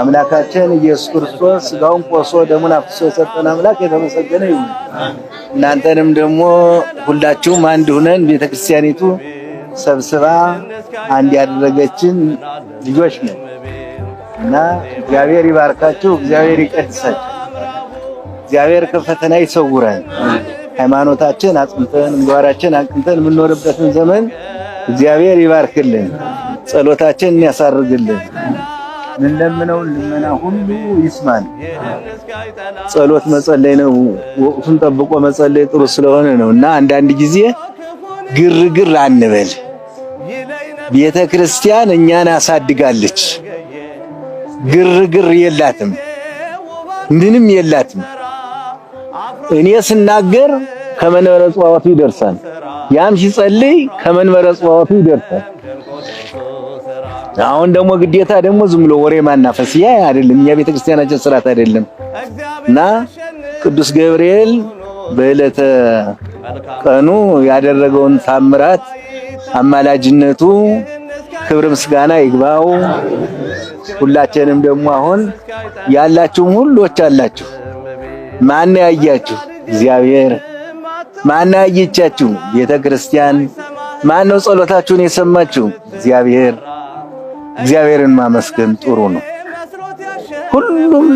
አምላካችን ኢየሱስ ክርስቶስ ስጋውን ቆሶ ደሙን አፍሶ የሰጠን አምላክ የተመሰገነ ይሁን። እናንተንም ደግሞ ሁላችሁም አንድ ሁነን ቤተክርስቲያኒቱ ሰብስባ አንድ ያደረገችን ልጆች ነው እና እግዚአብሔር ይባርካችሁ፣ እግዚአብሔር ይቀድሳችሁ፣ እግዚአብሔር ከፈተና ይሰውረን። ሃይማኖታችን አጽንተን ምግባራችን አቅንተን የምንኖርበትን ዘመን እግዚአብሔር ይባርክልን፣ ጸሎታችን ያሳርግልን። ልንለምነው ልመና ሁሉ ይስማል። ጸሎት መጸለይ ነው። ወቅቱን ጠብቆ መጸለይ ጥሩ ስለሆነ ነው እና አንዳንድ ጊዜ ግርግር አንበል። ቤተ ክርስቲያን እኛን አሳድጋለች። ግርግር የላትም፣ ምንም የላትም። እኔ ስናገር ከመንበረ ጸዋቱ ይደርሳል። ያም ሲጸልይ ከመንበረ ጸዋቱ ይደርሳል። አሁን ደግሞ ግዴታ ደግሞ ዝም ብሎ ወሬ ማናፈስ ያ አይደለም፣ እኛ ቤተክርስቲያናችን ስርዓት አይደለም። እና ቅዱስ ገብርኤል በዕለተ ቀኑ ያደረገውን ታምራት አማላጅነቱ ክብር ምስጋና ይግባው። ሁላችንም ደግሞ አሁን ያላችሁም ሁሎች አላችሁ። ማን ያያችሁ? እግዚአብሔር። ማን ያየቻችሁ? ቤተ ክርስቲያን። ማን ነው ጸሎታችሁን የሰማችሁ? እግዚአብሔር እግዚአብሔርን ማመስገን ጥሩ ነው። ሁሉም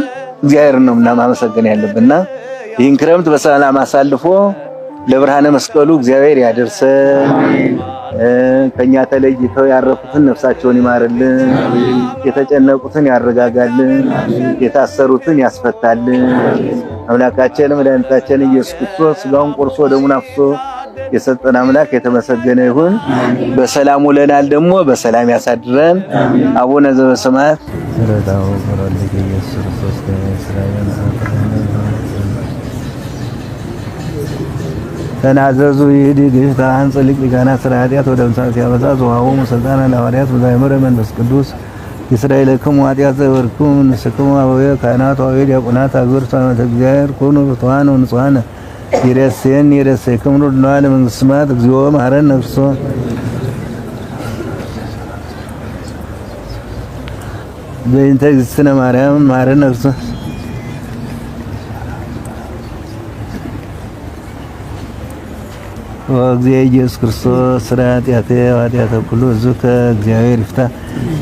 እግዚአብሔርን ነው ማመሰገን ያለብንና ይህን ክረምት በሰላም አሳልፎ ለብርሃነ መስቀሉ እግዚአብሔር ያደርሰን። ከኛ ተለይተው ያረፉትን ነፍሳቸውን ይማርልን፣ የተጨነቁትን ያረጋጋልን፣ የታሰሩትን ያስፈታልን። አምላካችን መድኃኒታችን ኢየሱስ ክርስቶስ ስጋውን ቆርሶ ደሙን አፍሶ የሰጠን አምላክ የተመሰገነ ይሁን። በሰላም ውለናል፣ ደግሞ በሰላም ያሳድረን። አቡነ ዘበሰማያት ተናዘዙ ወደ ምሳት ያበሳ ዘዋሁ ስልጣነ መንፈስ ቅዱስ ይስራኤልክሙ ኃጢአት ዘወርኩም ንስክሙ አበየ ካህናት ወአበየ ዲያቆናት አግብር ሰንበተ እግዚአብሔር ኩኑ ፍትዋን ወንጹሐነ ይሬሴን ይሬሴክሙ ድነዋል መንግስት ማለት እግዚኦ መሐረነ ነፍሶ በእንተ እግዝእትነ ማርያም መሐረነ ነፍሶ ወእግዚእ ኢየሱስ ክርስቶስ ሥራ ኃጢአቴ ወኃጢአተ ኩሉ ሕዝብ ከእግዚአብሔር ይፍታ።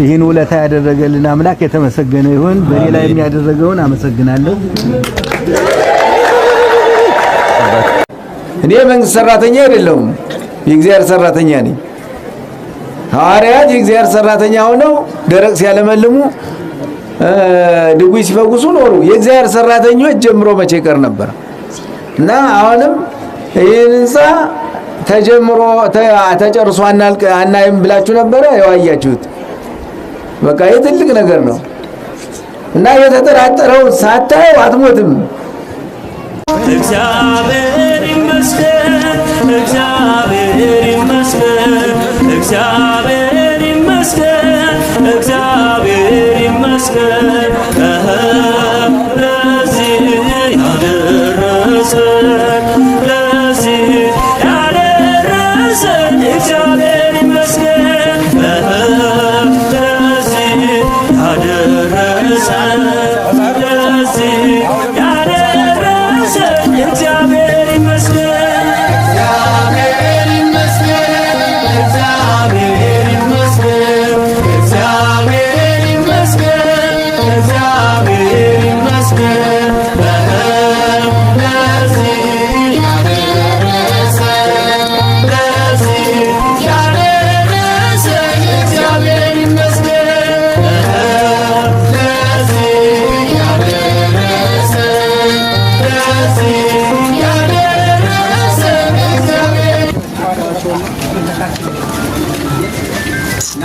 ይህን ውለታ ያደረገልን አምላክ የተመሰገነ ይሁን። በእኔ ላይ የሚያደረገውን አመሰግናለሁ። እኔ የመንግስት ሰራተኛ አይደለሁም፣ የእግዚአብሔር ሰራተኛ ነኝ። ሐዋርያት የእግዚአብሔር ሰራተኛ ሆነው ደረቅ ሲያለመልሙ፣ ድጉይ ሲፈውሱ ኖሩ። የእግዚአብሔር ሰራተኞች ጀምሮ መቼ ቀር ነበር እና አሁንም ይህን ህንፃ ተጀምሮ ተጨርሶ አናይም ብላችሁ ነበረ የዋያችሁት። በቃ ይህ ትልቅ ነገር ነው እና የተጠራጠረውን ሳታየው አትሞትም። ይመስገን እግዚአብሔር ይመስገን እግዚአብሔር ይመስገን እግዚአብሔር ይመስገን ለዚህ ያደረሰን ለዚህ ያደረሰን እግዚአብሔር ይመስገን ለዚህ ያደረሰን ለዚህ